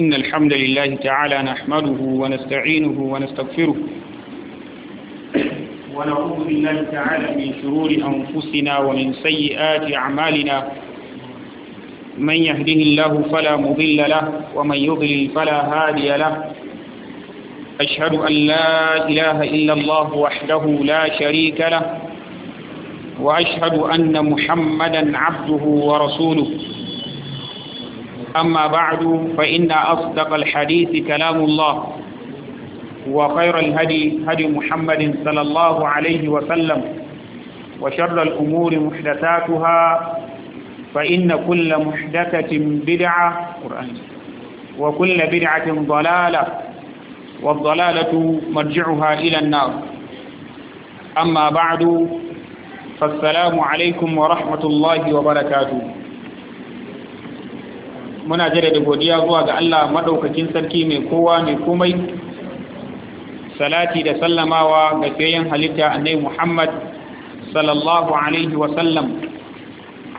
إن الحمد لله تعالى نحمده ونستعينه ونستغفره ونعوذ بالله تعالى من شرور أنفسنا ومن سيئات أعمالنا من يهده الله فلا مضل له ومن يضلل فلا هادي له أشهد أن لا إله إلا الله وحده لا شريك له وأشهد أن محمدا عبده ورسوله أما بعد فإن أصدق الحديث كلام الله وخير الهدي هدي محمد صلى الله عليه وسلم وشر الأمور محدثاتها فإن كل محدثة بدعة وكل بدعة ضلالة والضلالة مرجعها إلى النار أما بعد فالسلام عليكم ورحمة الله وبركاته muna jira da godiya zuwa ga Allah maɗaukakin sarki mai kowa mai komai salati da sallamawa ga fiyayyen halitta annai Muhammad sallallahu alaihi wa sallam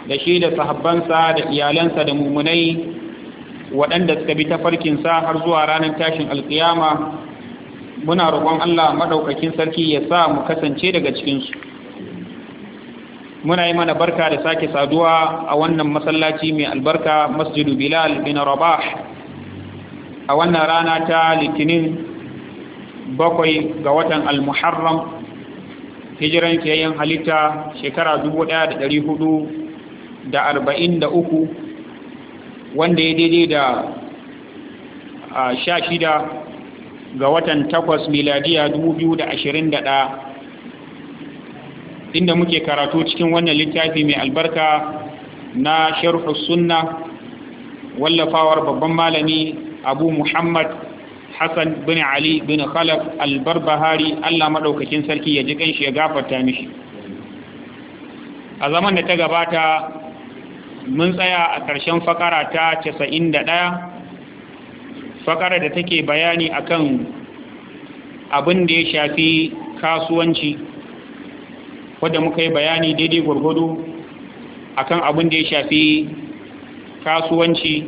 da shi da sahabbansa da iyalansa da mummunai, waɗanda suka bi tafarkinsa har zuwa ranar tashin alkiyama muna roƙon Allah maɗaukakin sarki ya sa mu kasance daga cikinsu muna yi mana barka da sake saduwa a wannan masallaci mai albarka masjidu bilal bin rabah a wannan rana ta litinin bakwai ga watan almuharram hijiran kiyayen halitta shekara 1443 wanda ya daidai da sha shida ga watan takwas miladiya 2021 inda muke karatu cikin wannan littafi mai albarka na sharhu sunna wallafawar babban malami abu muhammad hassan bin ali bin khalaf albarbahari allah maɗaukakin sarki ya ji kanshi ya gafarta mishi a zaman da ta gabata mun tsaya a ƙarshen fakara ta 91 fakara da take bayani akan abin da ya shafi kasuwanci wadda muka yi bayani daidai gwargwado a kan abin da ya shafi kasuwanci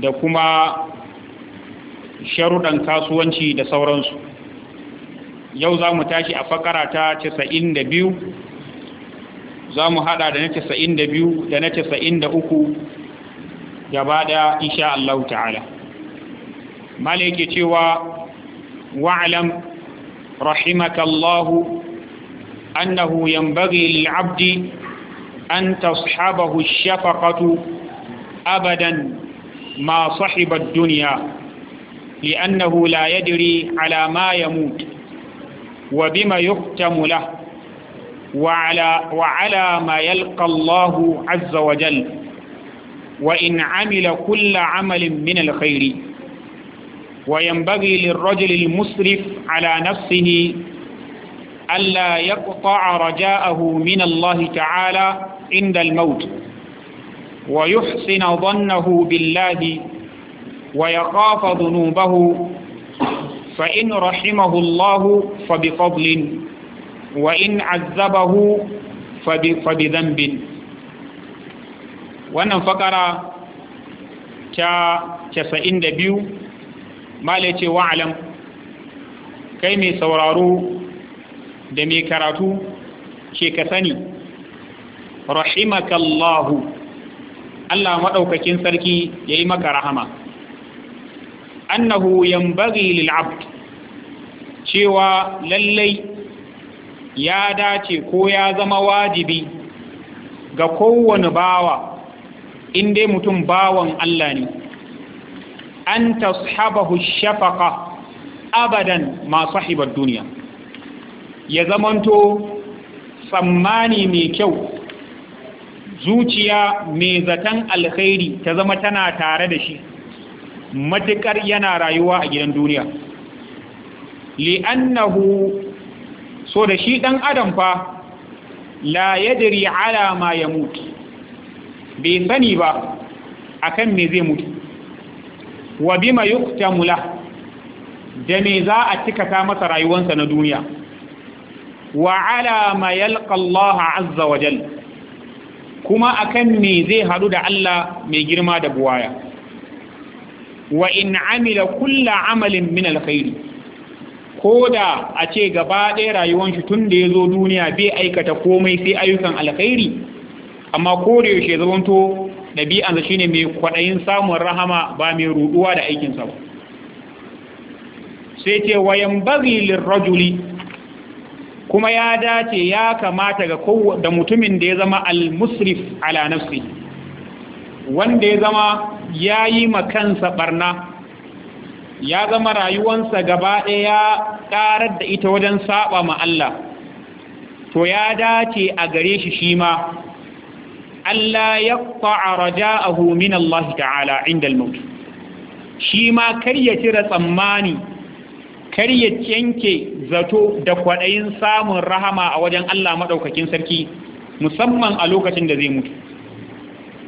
da kuma sharuɗan kasuwanci da sauransu yau za mu tashi a fakara ta 92 za mu haɗa da na 92 da na 93 gaba da insha Allah ta'ala mala yake cewa wa'alam rahimakallahu أنه ينبغي للعبد أن تصحبه الشفقة أبدا ما صحب الدنيا لأنه لا يدري على ما يموت وبما يختم له وعلى, وعلى ما يلقى الله عز وجل وإن عمل كل عمل من الخير وينبغي للرجل المسرف على نفسه ألا يقطع رجاءه من الله تعالى عند الموت ويحسن ظنه بالله ويخاف ذنوبه فإن رحمه الله فبفضل وإن عذبه فبذنب wannan fakara ta 92 mala ce wa'alam kai mai sauraro da mai karatu ce ka sani rahimakallahu Allah maɗaukakin sarki ya yi maka rahama annahu yan lil abd cewa lallai ya dace ko ya zama wajibi ga kowane bawa in dai mutum bawan Allah ne an tashabahu shafaka abadan ma sahibar duniya ya zamanto tsammani mai kyau zuciya mai zaton alkhairi ta zama tana tare da shi matuƙar yana rayuwa a gidan duniya li'annahu so da shi ɗan adam fa la yadri ala ma ya mutu bai sani ba akan me zai mutu wa bima yuktamula da me za a cika ta masa rayuwarsa na duniya wa ala ma yalqa Allah azza wa kuma akan me zai hadu da Allah mai girma da buwaya wa in amila kulla amalin min alkhairi koda a ce gaba ɗaya rayuwar shi tun da ya zo duniya bai aikata komai sai ayyukan alkhairi amma ko da yaushe zamanto ɗabi'ansa shine mai kwaɗayin samun rahama ba mai ruɗuwa da aikinsa ba sai ce wayan bari lirrajuli kuma ya dace ya kamata ga da mutumin da ya zama al-musrif ala nafsi wanda ya zama ya yi makansa barna ya zama rayuwansa gaba ɗaya ƙarar da ita wajen saba ma Allah to ya dace a gare shi shi ma Allah ya fa'a raja'ahu min Allah ta'ala inda al-maut shi ma kar ya cire tsammani kar ya yanke zato da kwaɗayin samun rahama a wajen Allah maɗaukakin sarki musamman a lokacin da zai mutu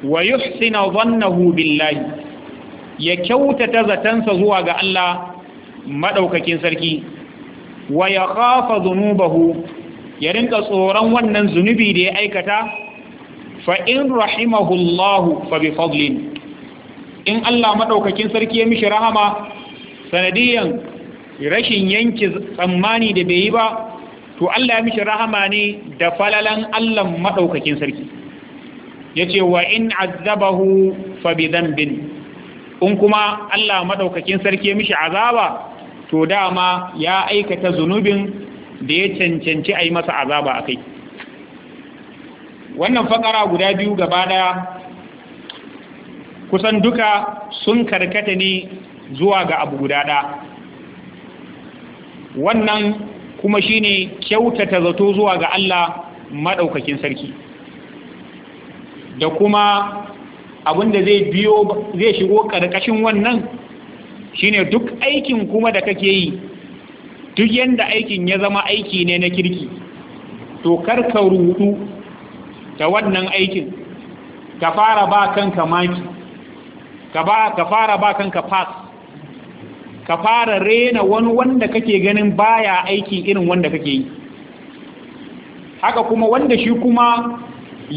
wa yuhsina dhannahu billahi ya kyautata zatansa zuwa ga Allah maɗaukakin sarki wa ya khafa dhunubahu ya rinka tsoron wannan zunubi da ya aikata fa in rahimahullahu fa bi fadlin in Allah maɗaukakin sarki ya mishi rahama sanadiyan rashin yanki tsammani da bai yi ba to Allah ya mishi rahama ne da falalan Allah maɗaukakin sarki ya ce wa in azabahu fa bi bin? in kuma Allah maɗaukakin sarki ya mishi azaba to dama ya aikata zunubin da ya cancanci a yi masa azaba a kai wannan fakara guda biyu gaba ɗaya kusan duka sun karkata ne zuwa ga abu guda ɗaya wannan kuma shine kyautata zato zuwa ga Allah madaukakin sarki da kuma abinda zai biyo zai shigo karkashin wannan shine duk aikin kuma da kake yi duk yanda aikin ya zama aiki ne na kirki to karka rudu da wannan aikin ka fara ba kanka maki ka fara ba kanka pass ka fara rena wani wanda kake ganin baya aiki irin wanda kake yi haka kuma wanda shi kuma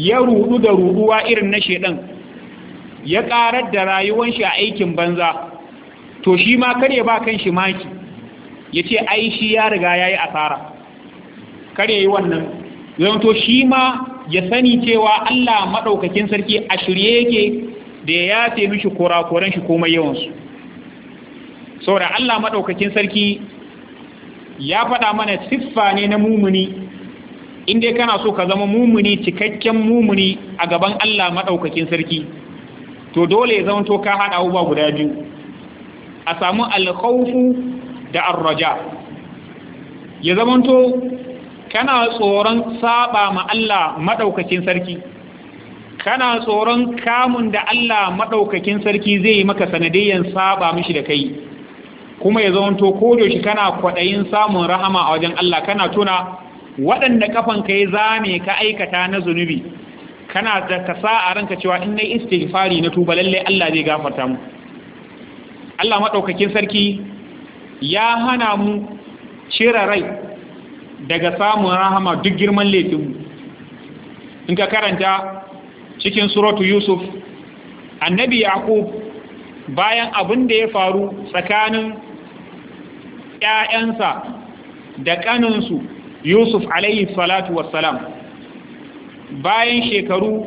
ya rudu da ruduwa irin na shedan ya karar da rayuwar shi a aikin banza to shi ma kare ba kan shi maki ya ce ai shi ya riga ya yi asara kare yi wannan zan to shi ma ya sani cewa Allah maɗaukakin sarki a shirye yake da ya yafe mishi kurakuran shi komai yawansu saboda Allah maɗaukakin sarki ya faɗa mana siffa ne na mumuni inda dai kana so ka zama mumuni cikakken mumuni a gaban Allah maɗaukakin sarki to dole ya to ka haɗa wuba guda biyu a samu alkhawfu da arraja ya zamanto kana tsoron saba ma Allah maɗaukakin sarki kana tsoron kamun da Allah maɗaukakin sarki zai yi maka sanadiyyan saba mishi da kai kuma ya zamanto ko da shi kana kwaɗayin samun rahama a wajen Allah kana tuna waɗanda kafan ka ya zame ka aikata na zunubi kana da ka sa a ranka cewa in nayi istighfari na tuba lalle Allah zai gafarta mu Allah madaukakin sarki ya hana mu cire rai daga samun rahama duk girman laifin mu in ka karanta cikin suratu Yusuf annabi Yaqub bayan abin da ya faru tsakanin ‘ya'yansa da ƙaninsu Yusuf alaihi salatu wassalam bayan shekaru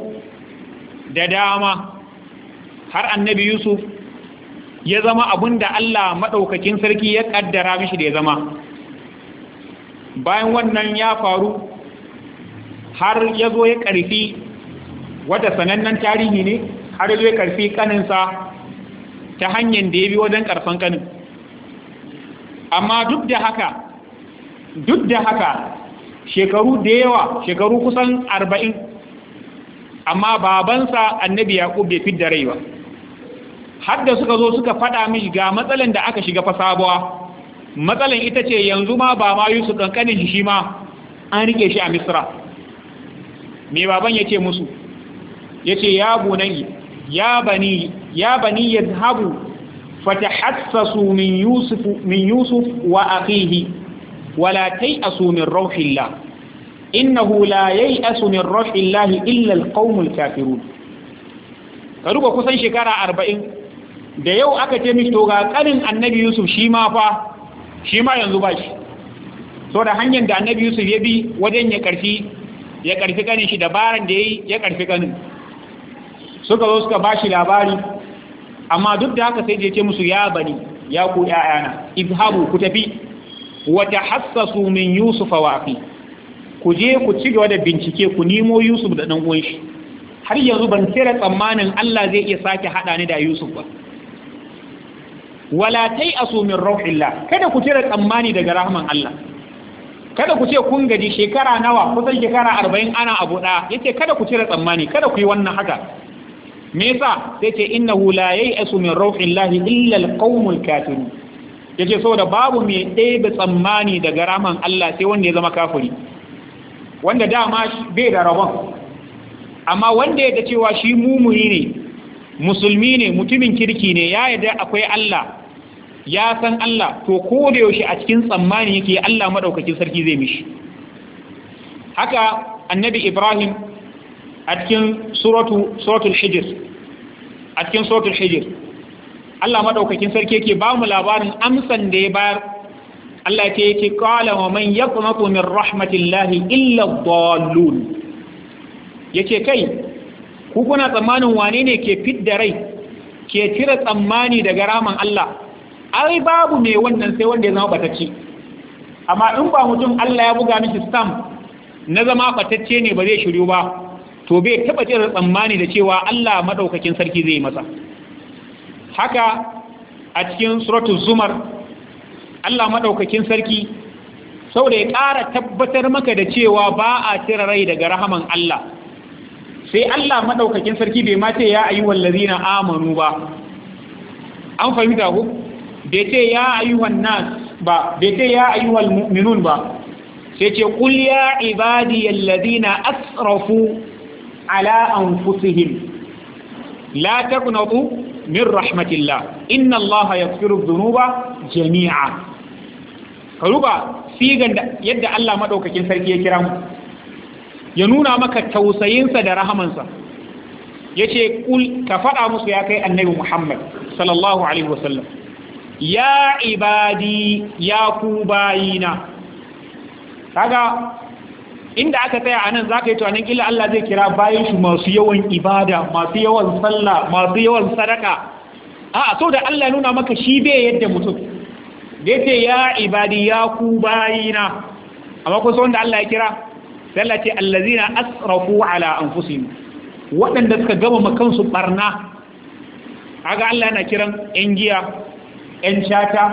da dama har annabi Yusuf ya zama abin da Allah maɗaukakin sarki ya ƙaddara mishi da ya zama bayan wannan ya faru har ya zo ya ƙarfi wata sanannen tarihi ne har ya zo ya ƙarfi ƙaninsa ta hanyar da ya bi wajen ƙarfan ƙanin. amma duk da haka duk da haka shekaru da yawa shekaru kusan arba'in amma babansa annabi yaƙub bai fidda rai ba har da suka zo suka faɗa mishi ga matsalan da aka shiga fasabuwa matsalan ita ce yanzu ma ba ma yusuf ƙanƙanin shi ma an rike shi a misra me baban ya ce musu ya ce ya yi. ya bani ya zahabu yadhhabu fatahassasu min yusuf min yusuf wa akhihi wala tayasu min rauhillah innahu la yayasu min rauhillah illa alqaumul kafirun ka duba kusan shekara 40 da yau aka ce miki to ga karin annabi yusuf shi ma fa shi ma yanzu ba shi so da hanyar da annabi yusuf ya bi wajen ya karfi ya karfi kanin shi dabaran da ya yi ya karfi kanin suka zo suka ba shi labari amma duk da haka sai je ce musu ya bani ya ku ƴaƴana izhabu ku tafi wa tahassasu min yusuf wa ku je ku ci gaba da bincike ku nemo yusuf da dan uwan shi har yanzu ban tsira tsammanin Allah zai iya sake hada ni da yusuf ba wala tayasu min rauhillah kada ku tsira tsammani daga rahman Allah kada ku ce kun gaji shekara nawa kusan shekara arba'in ana abu ɗaya yace kada ku cire tsammani kada ku yi wannan haka me yasa sai ce hu la asu min rauhillahi illa alqawmul kafiru yace saboda babu mai ɗebe tsammani daga raman Allah sai wanda ya zama kafiri wanda dama bai da rabon amma wanda ya ga cewa shi mumuni ne musulmi ne mutumin kirki ne ya yarda akwai Allah ya san Allah to ko da yaushe a cikin tsammani yake Allah madaukakin sarki zai mishi haka annabi Ibrahim a cikin suratul hijir a suratul hijir Allah madaukakin sarki yake ba mu labarin amsan da ya bayar Allah ya ce qala wa man yaqnatu min rahmatillahi illa ad-dallun yake kai ku kuna tsammanin wane ne ke fidda rai ke cire tsammani daga raman Allah ai babu me wannan sai wanda ya zama batacce amma in ba mutum Allah ya buga miki stamp na zama batacce ne ba zai shiryu ba to bai taba jin tsammani da cewa Allah madaukakin sarki zai masa haka a cikin suratul zumar Allah madaukakin sarki sau da ya ƙara tabbatar maka da cewa ba a cire rai daga rahaman Allah sai Allah madaukakin sarki bai ma ya yi wallazi na amanu ba an fahimta ku bai ce ya ayyuhan nas ba bai ce ya ayyuhal mu'minun ba sai ce qul ya ibadiyal ladina asrafu ala anfusihim la taqnatu min rahmatillah inna allaha yaghfiru dhunuba jami'a ka ruba sigan yadda Allah madaukakin sarki ya kira mu ya nuna maka tausayinsa da rahamansa yace kul ka faɗa musu ya kai annabi Muhammad sallallahu alaihi wasallam ya ibadi ya ku bayina kaga inda aka tsaya a nan za ka yi tunanin kila Allah zai kira bayan shi masu yawan ibada masu yawan sallah masu yawan sadaka a so da Allah nuna maka shi bai yadda mutum da ya ya ibadi ya ku bayina amma sau wanda Allah ya kira ce, Allah ce allazina asrafu ala anfusihim waɗanda suka gama makansu barna aga Allah yana kiran yan giya yan shata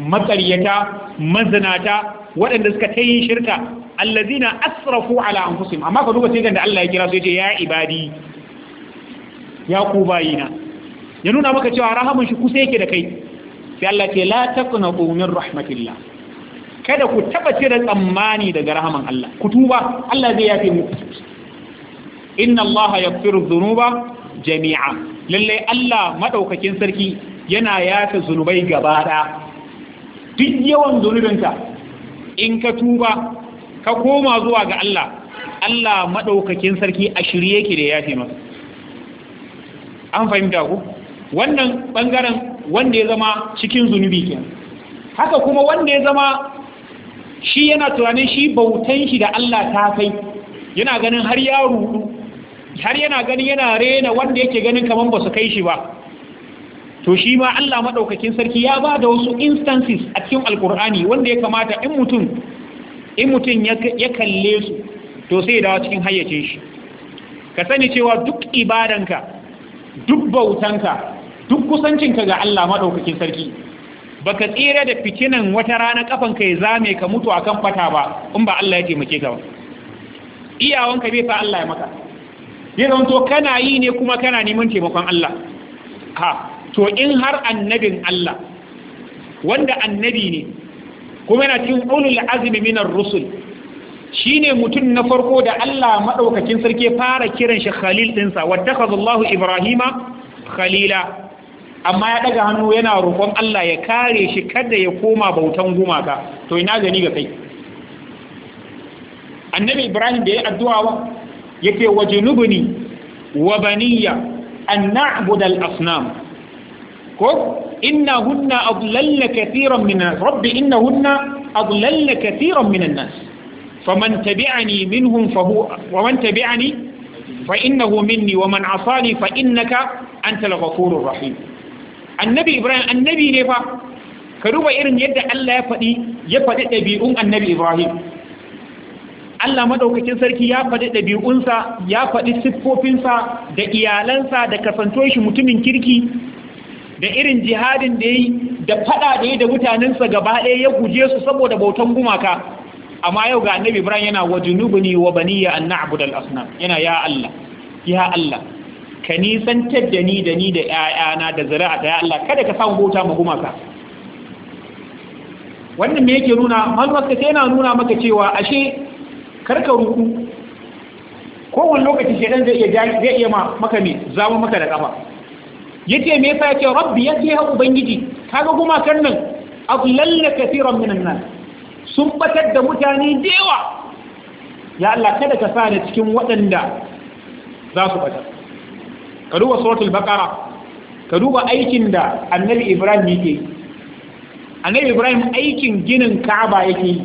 matsaryata mazinata waɗanda suka ta yi shirka allazina asrafu ala anfusihim amma ka duba sai da Allah ya kira su yace ya ibadi ya ku bayina ya nuna maka cewa rahaman shi kusa yake da kai sai Allah ce la taqnatu min rahmatillah kada ku taba cire tsammani daga rahaman Allah ku tuba Allah zai yafe mu. inna Allah yaghfiru dhunuba jami'a lalle Allah madaukakin sarki yana yafe zunubai gaba daya duk yawan zunubinka in ka tuba ka koma zuwa ga Allah Allah maɗaukakin sarki a shirye yake da ya fi masu an fahimta ku wannan ɓangaren wanda ya zama cikin zunubi ke haka kuma wanda ya zama shi yana tunanin shi bautan shi da Allah ta kai yana ganin har ya rudu har yana ganin yana rena wanda yake ganin kamar ba su kai shi ba to shi ma Allah maɗaukakin sarki ya ba da wasu instances a cikin alkur'ani wanda ya kamata in mutum in mutum ya kalle su to sai dawo cikin hayyacin shi ka sani cewa duk ibadanka duk bautanka duk kusancinka ga Allah maɗaukakin sarki baka tsira da fitinan wata rana ƙafanka ya zame ka mutu a kan fata ba in ba Allah ya taimake ka ba iyawanka bai fa Allah ya maka ya zanto kana yi ne kuma kana neman taimakon Allah ha to in har annabin Allah wanda annabi ne kuma yana cikin ulul azmi minar rusul shine mutum na farko da Allah madaukakin sarki fara kiran shi khalil dinsa wattakhadallahu ibrahima khalila amma ya daga hannu yana roƙon Allah ya kare shi kada ya koma bautan gumaka to ina gani ga kai annabi ibrahim da ya addu'a wa yake wajnubni wa baniya an na'budal asnam ko inna hunna adlalla katiran min rabbi inna hunna adlalla katiran min an-nas faman tabi'ani minhum fa huwa wa tabi'ani fa innahu minni wa man asani fa innaka antal ghafurur rahim annabi ibrahim annabi ne fa ka duba irin yadda Allah ya fadi ya annabi ibrahim Allah madaukakin sarki ya fadi dabi'unsa ya faɗi siffofinsa da iyalansa da kasantuwar shi mutumin kirki da irin jihadin da yi da fada da yi da mutanensa gaba ɗaya ya guje su saboda bautan gumaka amma yau ga annabi ibrahim yana wa junubuni wa baniya an na'budu al asnam yana ya allah ya allah ka nisantar da ni da ni da ƴaƴana da zuri'a da ya allah kada ka samu bauta ma gumaka wannan me yake nuna malumar sai yana nuna maka cewa ashe karka ruku kowane lokaci shedan zai iya zai iya maka ne zama maka da kafa Ya ce me yasa ya yace rabbi yace ha ubangiji kaga gumakan nan adlalla kafiran minan nas sun batar da mutane da yawa ya Allah kada ka sa cikin waɗanda za su bata. ka duba suratul baqara ka duba aikin da annabi ibrahim yake yi annabi ibrahim aikin ginin ka'aba yake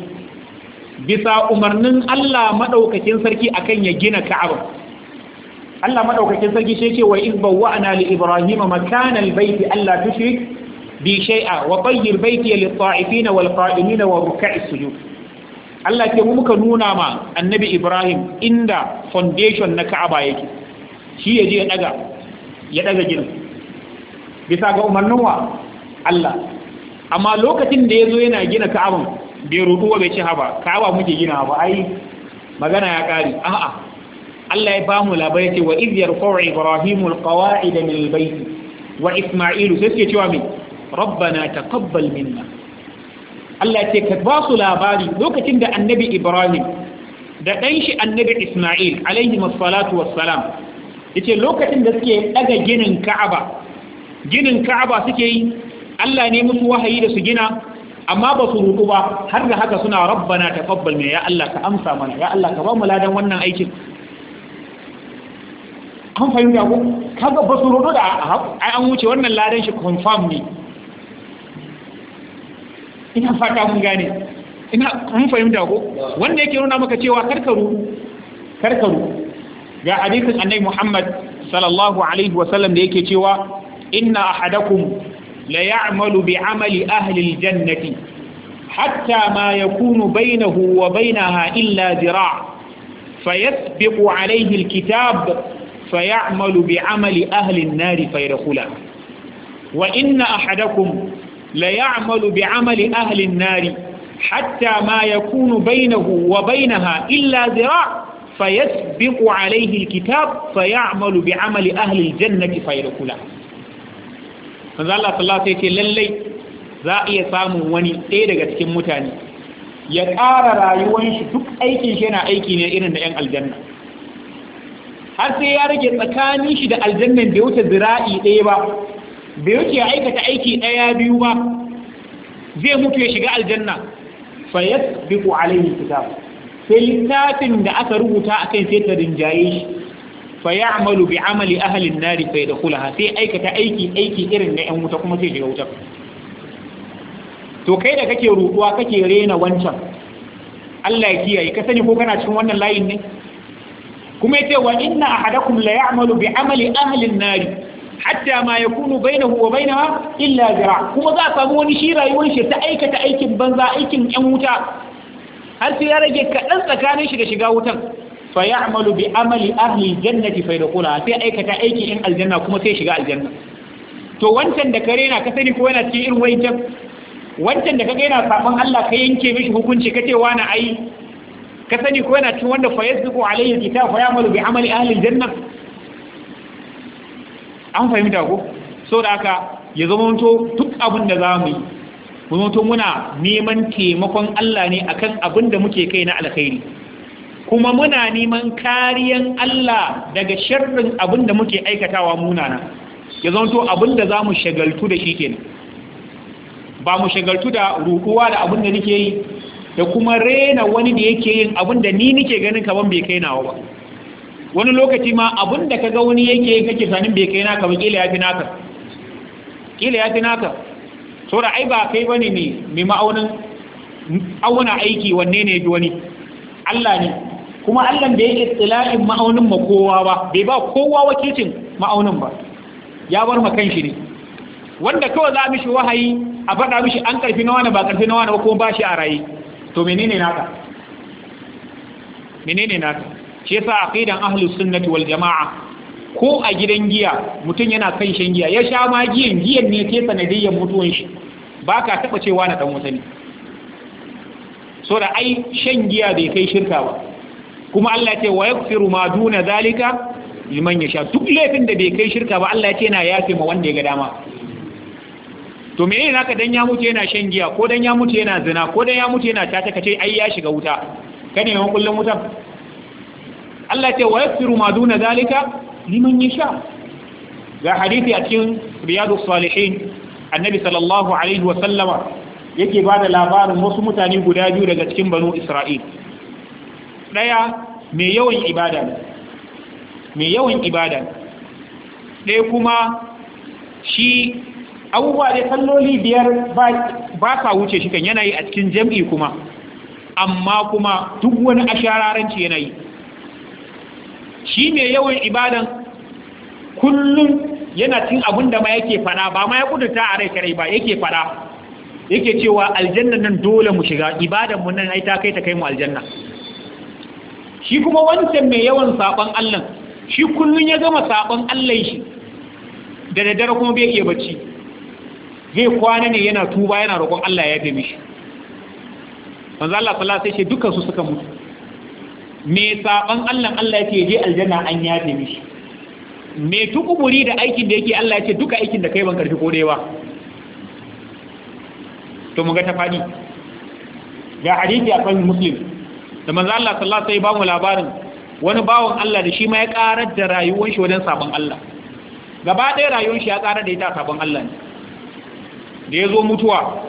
bisa umarnin allah maɗaukakin sarki akan ya gina ka'aba Allah madaukakin sarki shi yake wa izbawwa'na li ibrahima makana albayti alla tushrik bi shay'a wa tayyir bayti lit ta'ifina wal qa'imina wa ruk'is sujud Allah ke mu muka nuna ma annabi Ibrahim inda foundation na Ka'aba yake shi yaje ya daga ya daga ginin bisa ga umarnin wa Allah amma lokacin da yazo yana gina Kaaba, bai rudu bai ci haba Ka'aba muke gina ba ai magana ya kare a'a Allah ya ba mu labarai ce wa iz yarfa'u ibrahimu alqawa'id min albayt wa isma'ilu sai suke cewa me rabbana taqabbal minna Allah ce ka ba su labari lokacin da annabi ibrahim da dan shi annabi isma'il alaihi wassalatu wassalam yace lokacin da suke daga ginin ka'aba ginin ka'aba suke yi Allah ne musu wahayi da su gina amma ba su ruku ba har da haka suna rabbana taqabbal min ya Allah ka amsa mana ya Allah ka ba mu ladan wannan aikin an fahimta ko kaga ba su rodo da ai an wuce wannan ladan shi confirm ne ina fata mun gane ina mun fahimta ko wanda yake nuna maka cewa karkaru karkaru ga hadisin annabi Muhammad sallallahu alaihi wa sallam da yake cewa inna ahadakum la ya'malu bi amali ahli aljannati hatta ma yakunu bainahu wa bainaha illa dira' فيسبق عليه الكتاب فيعمل بعمل أهل النار فيدخلها وإن أحدكم ليعمل بعمل أهل النار حتى ما يكون بينه وبينها إلا ذراع فيسبق عليه الكتاب فيعمل بعمل أهل الجنة فيدخلها manzo Allah sallallahu alaihi wasallam lallai za a iya samun wani ɗaya daga cikin mutane ya ƙara rayuwar shi duk aikin shi yana aiki ne irin da 'yan aljanna har sai ya rage tsakanin shi da aljannan bai wuce zira'i ɗaya ba bai wuce ya aikata aiki ɗaya biyu ba zai mutu ya shiga aljanna fa yasbiqu alaihi kitab sai littafin da aka rubuta akan sai ta rinjaye shi fa ya'malu bi amali ahli an-nar fa yadkhulaha sai aikata aiki aiki irin na 'yan wuta kuma sai shiga wutar. to kai da kake rubuwa kake rena wancan Allah ya kiyaye ka sani ko kana cikin wannan layin ne kuma yace wa inna ahadakum la ya'malu bi amali ahli an-nar hatta ma yakunu bainahu wa bainaha illa zira kuma za a samu wani shi rayuwar shi ta aikata aikin banza aikin yan wuta har sai ya rage kaɗan tsakanin shi da shiga wutan fa ya'malu bi amali ahli jannati fa yadkhula sai aikata aikin yan aljanna kuma sai shiga aljanna to wancan da kare na ka sani ko yana cikin irin wancan wancan da kaga yana sabon Allah ka yanke mishi hukunci ka kace wani ai ka sani ko yana cin wanda fa yasbiqu alayhi kitab fa ya'malu bi amali ahli aljanna an fahimta ko so da haka ya zama to duk abin da zamu yi mun to muna neman taimakon Allah ne akan abin da muke kai na alkhairi kuma muna neman kariyan Allah daga sharrin abin da muke aikatawa munana ya zama to abin da zamu shagaltu da shi kenan ba mu shagaltu da rukuwa da abin da nake yi da kuma rena wani da yake yin abin da ni nike ganin kaman bai kai nawa ba wani lokaci ma abin da kaga wani yake kake sanin bai kai naka ba kila yafi naka kila yafi naka saboda ai ba kai bane ne mai ma'aunin auna aiki wanne ne bi wani Allah ne kuma Allah da yake tsila'in ma'aunin ma kowa ba bai ba kowa wakilcin ma'aunin ba ya bar ma kanshi ne wanda kawai za mishi wahayi a faɗa mishi an ƙarfi na wani ba ƙarfi na wani ba kuma ba shi a raye to menene naka menene naka shi yasa aqidan ahlus sunnati wal jamaa ko a gidan giya mutum yana kan shan giya ya sha ma giyan giyan ne ke sanadiyyar mutuwan shi baka taba cewa na dan ne so da ai shan giya bai kai shirka ba kuma Allah ya ce wa yaghfiru ma duna zalika liman yasha duk laifin da bai kai shirka ba Allah ce yana yafe ma wanda ya ga dama to ne naka dan ya mutu yana shan giya ko dan ya mutu yana zina ko dan ya mutu yana tata kace ai ya shiga wuta kane mun kullun wuta Allah ce wa yaghfiru ma duna zalika liman yasha ga hadisi a cikin riyadus salihin annabi sallallahu alaihi wa sallama yake da labarin wasu mutane guda biyu daga cikin banu Isra'il daya mai yawan ibada ne mai yawan ibada ɗaya kuma shi abubuwa dai salloli biyar ba sa wuce shi kan yanayi a cikin jam'i kuma amma kuma duk wani ashararanci yanayi shi mai yawan ibadan kullum yana cin abin da ma yake fada ba ma ya kudurta a rai kare ba yake fada yake cewa aljanna nan dole mu shiga ibadan mu nan ai ta kai ta kai mu aljanna shi kuma wancan mai yawan saban Allah shi kullum ya gama saban Allah shi da daddare kuma bai iya bacci zai kwana ne yana tuba yana roƙon Allah ya yafe mishi manzo Allah sallallahu alaihi wasallam dukkan suka mutu me saban Allah Allah yake je aljanna an yafe mishi me tukuburi da aikin da yake Allah yake duka aikin da kai ban karfi ko dai ba to mu ga ta fadi ga hadisi a kan muslim da manzo Allah sallallahu alaihi wasallam ba mu labarin wani bawon Allah da shi ma ya karar da rayuwar shi wajen saban Allah gaba ɗaya rayuwar shi ya karar da ita saban Allah ne da ya zo mutuwa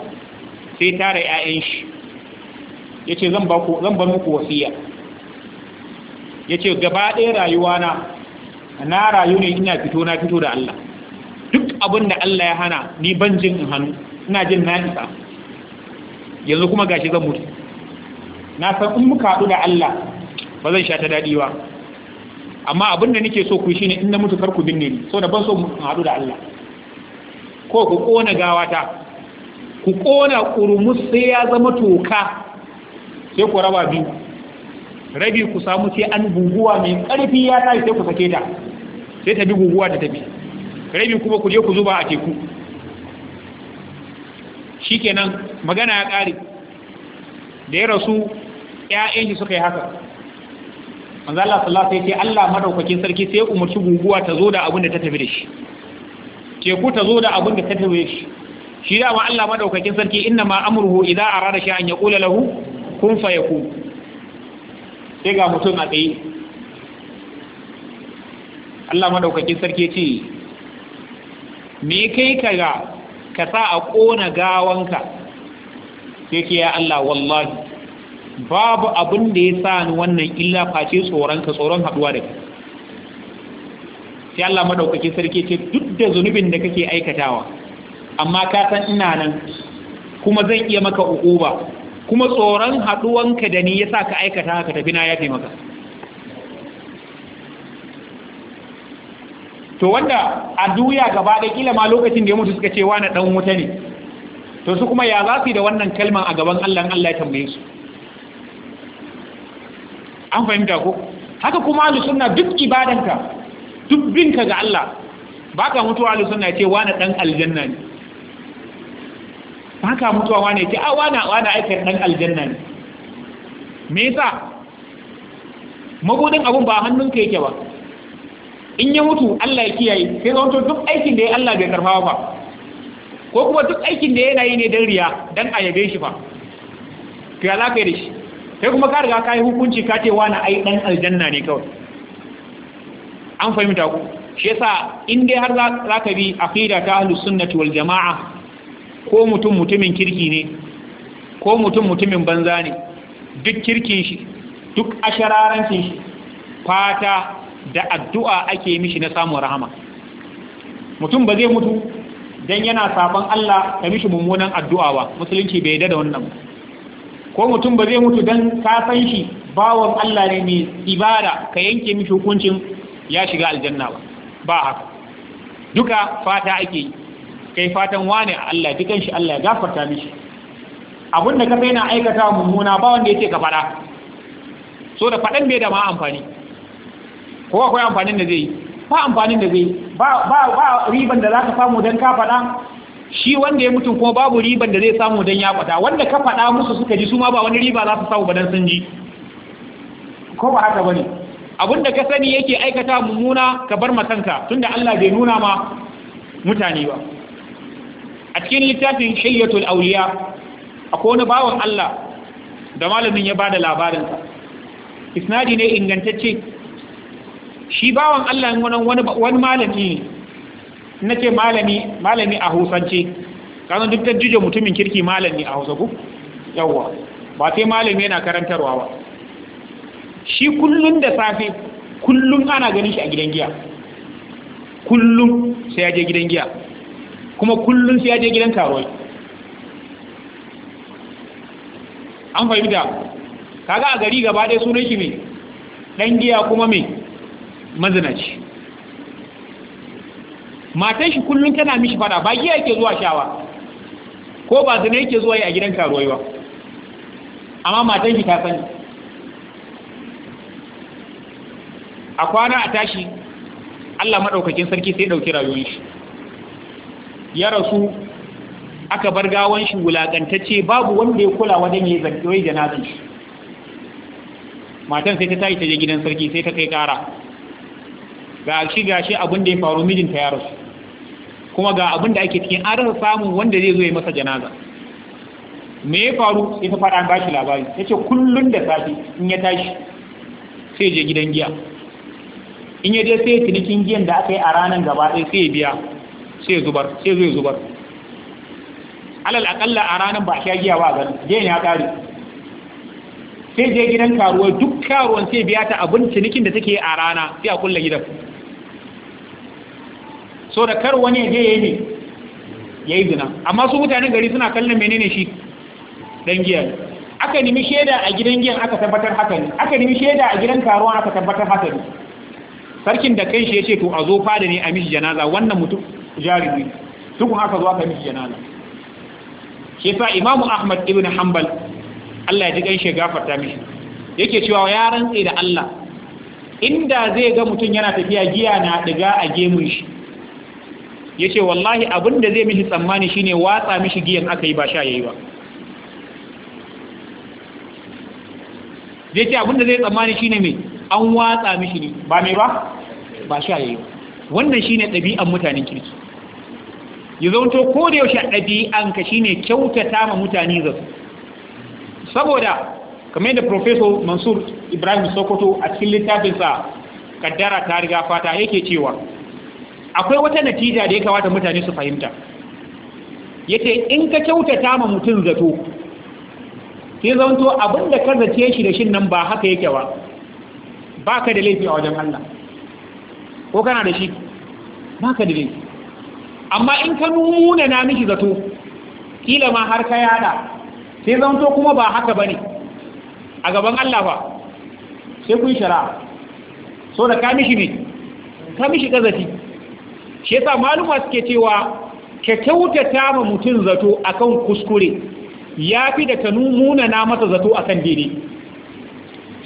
sai tara 'ya'yan shi ya ce zan ba muku wasiya ya ce gaba ɗaya rayuwa na na rayu ne ina fito na fito da Allah duk abin da Allah ya hana ni ban jin in hannu ina jin na isa yanzu kuma gashi zan mutu na san in muka haɗu da Allah ba zan sha ta daɗi ba amma abin da nake so ku shi ne in na mutu kar ku binne ni so da ban so mu haɗu da Allah ko ku ƙona gawata ku ƙona ƙurumus sai ya zama toka sai ku raba biyu rabi ku samu sai an guguwa mai ƙarfi ya tafi sai ku sake ta sai ta bi guguwa ta tafi rabi kuma ku je ku zuba a teku shikenan magana ya ƙare da ya rasu ƴaƴan shi suka yi haka manzo Allah sallallahu alaihi sai Allah madaukakin sarki sai ya umarci guguwa ta zo da abin da ta tafi da shi teku ta zo da abin da ta tabe shi shi da Allah madaukakin sarki inna ma amruhu idza arada shi an yaqula lahu kun ku. sai ga mutum a tsaye Allah madaukakin sarki ce me kai ka ga ka sa a kona gawanka sai ke ya Allah wallahi babu abin da ya sa ni wannan illa face tsoron ka tsoron haduwa da kai sai Allah madaukakin sarki ce duk da zunubin da kake aikatawa amma ka san ina nan kuma zan iya maka uquba kuma tsoron haduwanka da ni yasa ka aikata haka tafi na yafe maka to wanda a duya gaba da kila ma lokacin da ya mutu suka ce wani dan wuta ne to su kuma ya za su yi da wannan kalman a gaban Allah Allah ya tambaye su an fahimta ko haka kuma al sunna duk ibadanka duk ka ga Allah Ba ka mutuwa a lusunan ce wane ɗan aljanna ne Ba ka mutuwa wane ce a ah, wane wane aikin ɗan aljanna ne me sa? magudin abin ba hannunka yake ba in ya mutu Allah ya kiyaye sai ga wato duk aikin da ya Allah bai karfawa ba ko kuma duk aikin da yana yi ne don riya a yabe shi ba to ya lafiya da shi sai kuma ka riga ka yi hukunci ka ce wani ai ɗan aljanna ne kawai an fahimta ku shi yasa in dai har za ka bi aqida ta ahlus sunnati wal jamaa ko mutum mutumin kirki ne ko mutum mutumin banza ne duk kirkin shi duk ashararancin shi fata da addu'a ake mishi na samun rahama mutum ba zai mutu dan yana saban Allah ka mishi mummunan addu'a ba musulunci bai yarda da wannan ko mutum ba zai mutu dan ka san shi bawon Allah ne mai ibada ka yanke mishi hukuncin ya shiga aljanna ba ba haka duka fata ake yi kai fatan wane Allah dukan shi Allah ya gafarta mishi abin da ka sai na aikata mummuna ba wanda yake ka fada so da fadan bai da ma amfani ko akwai amfanin da zai yi ba amfanin da zai ba ba riban da zaka samu dan ka fada shi wanda ya mutum kuma babu riban da zai samu dan ya fada wanda ka fada musu suka ji su ma ba wani riba za su samu ba dan sun ji ko ba haka bane abinda ka sani yake aikata mummuna ka bar makanka tunda Allah bai nuna ma mutane ba a cikin littafin shayyatul auliya akwai wani bawon Allah da malamin ya bada labarinsa isnadi ne ingantacce shi bawan Allah wani wani malami ne nace malami malami a Hausance kana duk tajjuje mutumin kirki malami a Hausa ku yawa ba sai malami yana karantarwa ba shi kullum da safe kullum ana ganin shi a gidan giya kullum sai ya je gidan giya kuma kullum sai ya je gidan karuwai an fahimta kaga a gari gaba ɗaya sunan shi mai ɗan giya kuma mai mazinaci matan shi kullum tana mishi fada ba giya yake zuwa shawa ko ba zina yake zuwa yi a gidan karuwai ba amma matan shi ta sani a kwana a tashi Allah maɗaukakin sarki sai ɗauki rayuwar shi ya rasu aka bar gawon shi wulakantacce babu wanda ya kula wajen ya zankiwai janazan shi matan sai ta tayi ta je gidan sarki sai ta kai ƙara. ga shi ga shi abin da ya faru mijinta ya rasu kuma ga abin da ake cikin an rasa samun wanda zai zo ya masa janaza me ya faru sai ta faɗa bashi labari ce kullum da safe in ya tashi sai je gidan giya in ya je sai cinikin giyan da aka yi a ranar gaba ɗaya sai ya biya sai zubar sai zai zubar alal akalla a ranar ba sha giya ba gan giyan ya ƙare sai je gidan karuwa duk karuwan sai biya ta abin cinikin da take a rana sai a kulla gidan so da kar wani ya je ya yi ya yi zina amma su mutanen gari suna kallon menene shi dan giya aka nemi shaida a gidan giyan aka tabbatar haka ne aka nemi shaida a gidan karuwa aka tabbatar haka ne sarkin da kai shi yace to a zo fada ne a mishi janaza wannan mutum jarumi duk aka zo aka mishi janaza shi sa imamu Ahmad ibn Hanbal Allah ya ji gaishe gafarta mishi yake cewa ya rantse da Allah inda zai ga mutum yana tafiya giya na diga a gemun shi yace wallahi abin da zai mishi tsammani shine watsa mishi giyan aka yi ba sha yayi ba zai ce abin da zai tsammani shine me an watsa mishi ne ba mai ba ba sha yayi wannan shine ɗabi'an mutanen kirki ya zonto ko da yaushe ɗabi'an ka shine kyautata ma mutane zasu. saboda kamar yadda professor mansur ibrahim sokoto a cikin littafinsa kaddara ta riga fata yake cewa akwai wata natija da ya kawata mutane su fahimta yace in ka kyautata ma mutum zato ke zanto abinda da ka zace shi da shin nan ba haka yake ba ba ka da laifi a wajen Allah ko kana da shi ba ka da laifi amma in ka nuna na miki zato kila ma har ka yada sai zanto kuma ba haka bane a gaban Allah ba sai kun shara so da ka mishi ne ka mishi gazafi shi yasa maluma suke cewa ka kyautata ma mutum zato akan kuskure ya fi da ka nuna na masa zato akan daidai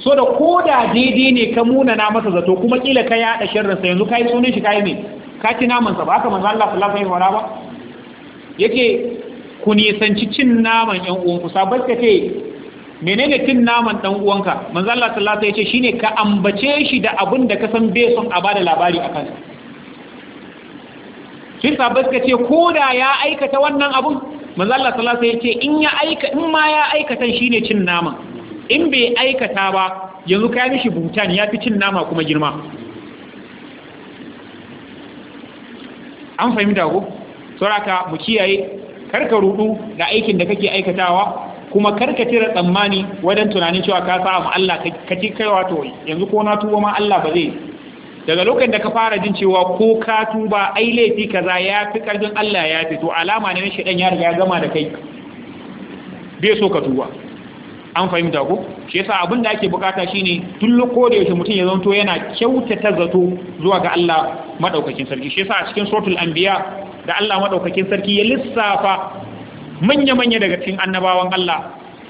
so da ko da daidai ne ka munana masa zato kuma kila ka yada sharrinsa yanzu kai sunan shi kai ne ka ci naman sa ba haka manzo Allah sallallahu alaihi wa ba yake ku nisanci cin naman yan uwanku sabai ka ce menene cin naman dan uwanka manzo Allah sallallahu alaihi wa ce shine ka ambace shi da abin da ka san bai son a bada labari akan sa shi sabai ka ce ko da ya aikata wannan abun manzo Allah sallallahu alaihi wa ce in ya aika in ma ya aikata shine cin naman in bai aikata ba yanzu ka mishi butan ya fi cin nama kuma girma an fahimta ku sauraka mu kiyaye karka rudu da aikin da kake aikatawa kuma karka tira tsammani wajen tunanin cewa ka sa mu Allah ka ci kai wato yanzu ko na tuba ma Allah ba zai daga lokacin da ka fara jin cewa ko ka tuba ai laifi kaza ya fi karfin Allah ya fi to alama ne na shedan ya riga ya gama da kai bai so ka tuba an fahimta ko shi yasa abin da ake bukata shine tun loko da yaushe mutum ya zanto yana kyautata zato zuwa ga Allah madaukakin sarki shi yasa a cikin suratul anbiya da Allah madaukakin sarki ya lissafa manya manya daga cikin annabawan Allah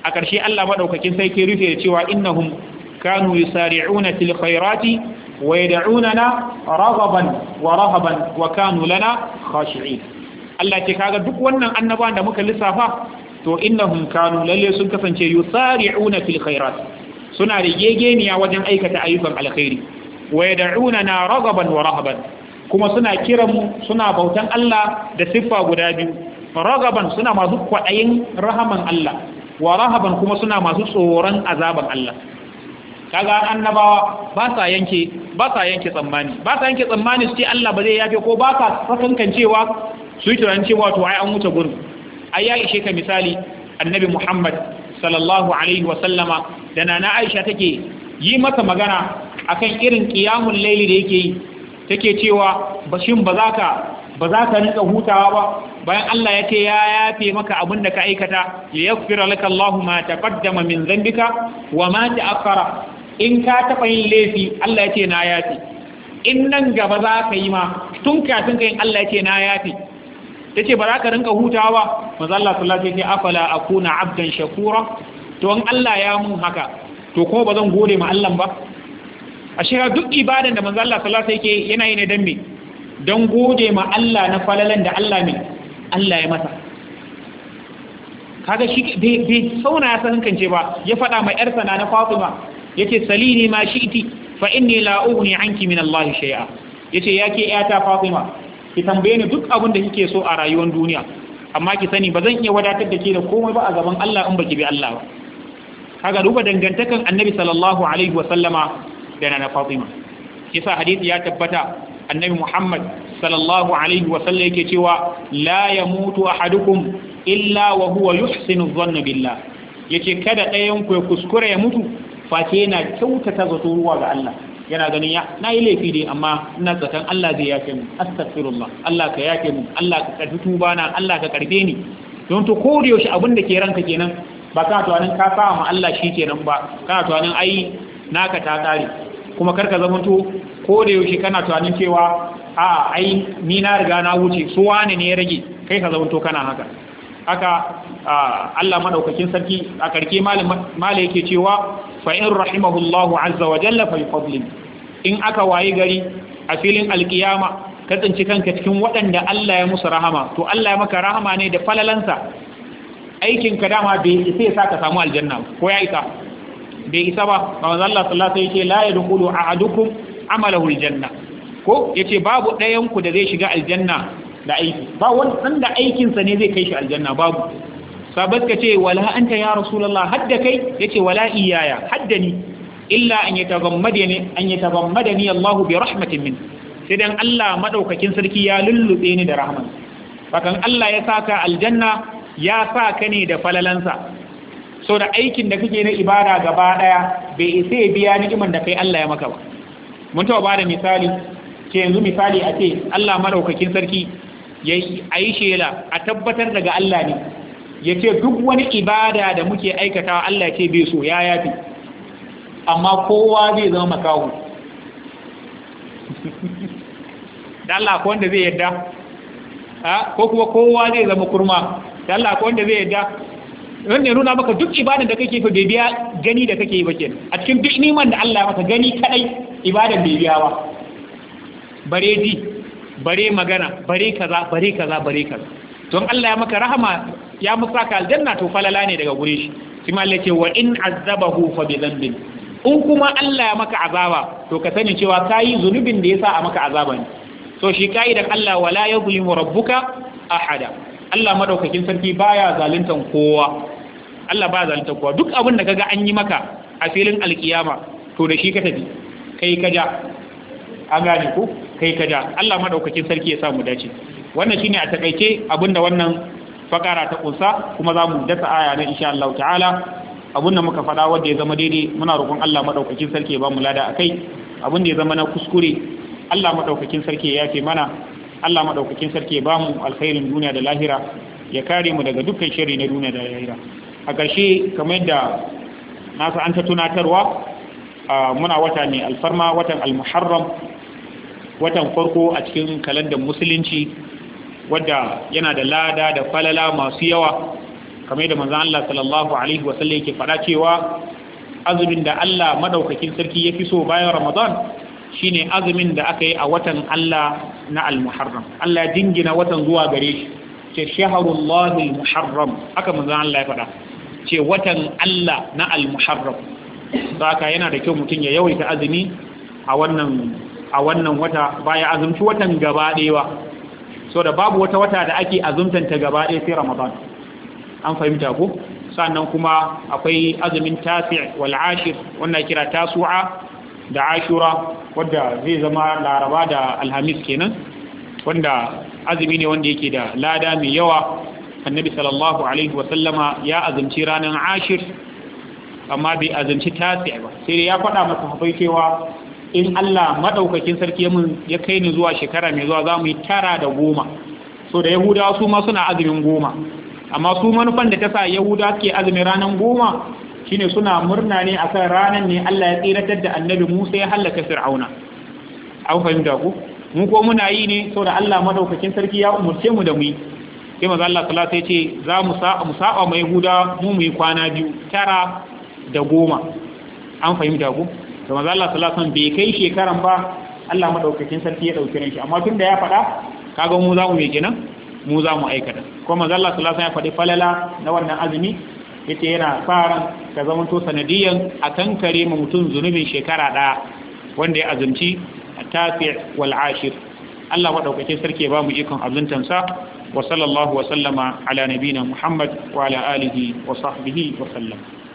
a ƙarshe Allah madaukakin sarki rufe da cewa innahum kanu yusari'una fil khairati wa yad'unana raghaban wa rahaban wa kanu lana khashi'in Allah ce kaga duk wannan annabawan da muka lissafa to innahum kanu lalle sun kasance yusari'una fil khairat suna da gegeniya wajen aikata ayyukan alkhairi wa na ragaban wa rahaban kuma suna kiran mu suna bautan Allah da siffa guda biyu ragaban suna masu kwaɗayin rahaman Allah wa rahaban kuma suna masu tsoron azaban Allah kaga annabawa ba sa yanke ba sa yanke tsammani ba sa yanke tsammani su ce Allah ba zai yafe ko ba sa sakankan cewa su yi tunanin cewa to ai an wuce gurin ai ya ishe ka misali annabi Muhammad sallallahu alaihi wa sallama da nana Aisha take yi masa magana akan irin ƙiyamun laili da yake yi take cewa bashin ba za ka ba za ka rinka hutawa ba bayan Allah ya ce ya yafe maka abin da ka aikata ya yaghfira laka Allahu ma taqaddama min dhanbika wa ma akara in ka taɓa yin laifi Allah ya ce na yafe in nan gaba za ka yi ma tun kafin ka yin Allah ya ce na yafe yace ba za ka rinka hutawa ba manzo Allah sallallahu alaihi wasallam afala akuna abdan shakura to an Allah ya mun haka to ko ba zan gode ma Allah ba a shiga duk ibadan da manzo Allah sallallahu alaihi yake yanayi ne dan me dan gode ma Allah na falalan da Allah me Allah ya masa kaga shi bai sauna ya san kance ba ya faɗa ma yarsa na Fatima yace salini ma shi'ti fa inni la ughni anki min Allah shay'a yace yake yata Fatima ki tambaye ni duk abin da kike so a rayuwar duniya amma ki sani ba zan iya wadatar da ke da komai ba a gaban Allah in baki bi Allah ba kaga duba dangantakan annabi sallallahu alaihi wa sallama da nana Fatima yasa hadisi ya tabbata annabi Muhammad sallallahu alaihi wa sallam yake cewa la yamutu ahadukum illa wa huwa yuhsinu dhanna billah yace kada ɗayan ku ya kuskure ya mutu face yana kyautata zato ga Allah yana ganin ya na yi laifi dai amma ina zaton Allah zai yafe mu astaghfirullah Allah ka yafe mu Allah ka karbi tuba na Allah ka karbe ni don to ko da yaushe abin da ke ranka kenan ba ka tunanin ka sa ma Allah shi kenan ba kana tunanin ai naka ta kare kuma karka zamanto ko da yaushe kana tunanin cewa a ai ni na riga na wuce su wane ne ya rage kai ka zamanto kana haka haka ah, Allah madaukakin sarki a karke malai yake cewa fain rahimahullahu azza wa jalla fa in aka wayi gari a filin alkiyama ka tsinci kanka cikin waɗanda Allah ya musu rahama to Allah ya maka rahama ne da falalansa aikin ka dama bai isa ya saka samu aljanna ko ya isa bai isa ba ba Allah sallallahu alaihi wasallam la yadkhulu ahadukum amalahu aljanna ko yace babu ɗayan ku da zai shiga aljanna da aiki ba wani da aikinsa ne zai kai shi aljanna babu Babas ka ce wala anta ya rasulullah hadda kai yace wala iyaya hadda ni illa an yataghammadani an yataghammadani Allah bi rahmatin min sai dan Allah madaukakin sarki ya lullube ni da rahman bakan Allah ya saka aljanna ya saka ne da falalansa so da aikin da kake na ibada gaba daya bai isa biya ni'iman da kai Allah ya maka ba mun taba bada misali ce yanzu misali a ce Allah madaukakin sarki yayi ayi shela a tabbatar daga Allah ne yace duk wani ibada da muke aikatawa Allah ce bai so ya yafi amma kowa zai zama makahu da Allah ko wanda zai yadda ha ko kuma kowa zai zama kurma da Allah ko wanda zai yadda wanda ya nuna maka duk ibadan da kake fa bai biya gani da kake yi ba kenan a cikin duk niman da Allah maka gani kadai ibadan bai biya ba bare ji bare magana bare kaza bare kaza bare kaza don Allah ya maka rahama ya musaka aljanna to falala ne daga gure shi shi ma Allah ce wa in azabahu fa bi dhanbin in kuma Allah ya maka azaba to ka sani cewa kai zunubin da yasa a maka azaba ne so shi da Allah wala yuzlimu rabbuka ahada Allah madaukakin sarki baya zaluntan kowa Allah baya zalunta kowa duk abin da kaga an yi maka a filin alkiyama to da shi ka tafi kai ka ja an gane ku kai ka ja Allah madaukakin sarki ya sa mu dace wannan shine a takaice abinda wannan fakara ta kusa kuma za mu dasa aya na insha Allah ta'ala abun da muka faɗa wanda ya zama daidai muna roƙon Allah madaukakin sarki ya ba mu lada akai abun da ya zama na kuskure Allah madaukakin sarki ya yafe mana Allah madaukakin sarki ya ba mu alkhairin duniya da lahira ya kare mu daga dukkan shari na duniya da lahira a ƙarshe kamar yadda na an ta tunatarwa muna wata ne alfarma watan almuharram watan farko a cikin kalandar musulunci wadda yana da lada da falala masu yawa kamar da manzon Allah sallallahu alaihi wa yake faɗa cewa azumin da Allah madaukakin sarki ya fi so bayan Ramadan shine azumin da aka yi a watan Allah na al-Muharram Allah jingina watan zuwa gare shi ce shaharullahi muharram aka manzon Allah ya faɗa ce watan Allah na al-Muharram Zaka yana da kyau mutum ya yawaita azumi a wannan a wannan wata baya azumci watan gaba ɗaya so da babu wata wata da ake azumtanta gaba ɗaya sai ramadan an fahimta ko sannan kuma akwai azumin tasi' wal ashir wannan kira tasu'a da ashura wanda zai zama laraba da alhamis kenan wanda azumi ne wanda yake da lada mai yawa annabi sallallahu alaihi wa sallama ya azumci ranar ashir amma bai azumci tasi' ba sai ya faɗa masa hafai cewa in Allah maɗaukakin sarki ya kai ni zuwa shekara mai zuwa za mu yi tara da goma so da yahudawa su ma suna azumin goma amma su manufan da ta sa yahudawa ke azumin ranan goma shine suna murna ne a kan ranar ne Allah ya tsiratar da annabi Musa ya hallaka Fir'auna an fahimta ku mu ko muna yi ne saboda Allah madaukakin sarki ya umurce mu da mu yi sai manzo Allah sallallahu alaihi ce za mu sa mu saba mai mu mu yi kwana biyu tara da goma an fahimta ku to manzo Allah sallallahu alaihi wasallam bai kai shekaran ba Allah madaukakin sarki ya dauki shi amma tunda ya faɗa kaga mu za mu yi kenan mu za mu aikata ko manzo Allah sallallahu alaihi wasallam ya faɗi falala na wannan azumi yace yana fara ka zama to sanadiyan a tankare mu mutum zunubin shekara ɗaya wanda ya azumci tafi wal ashir Allah madaukakin sarki ya ba mu ikon sa wa sallallahu wa sallama ala nabina Muhammad wa ala alihi wa sahbihi wa sallam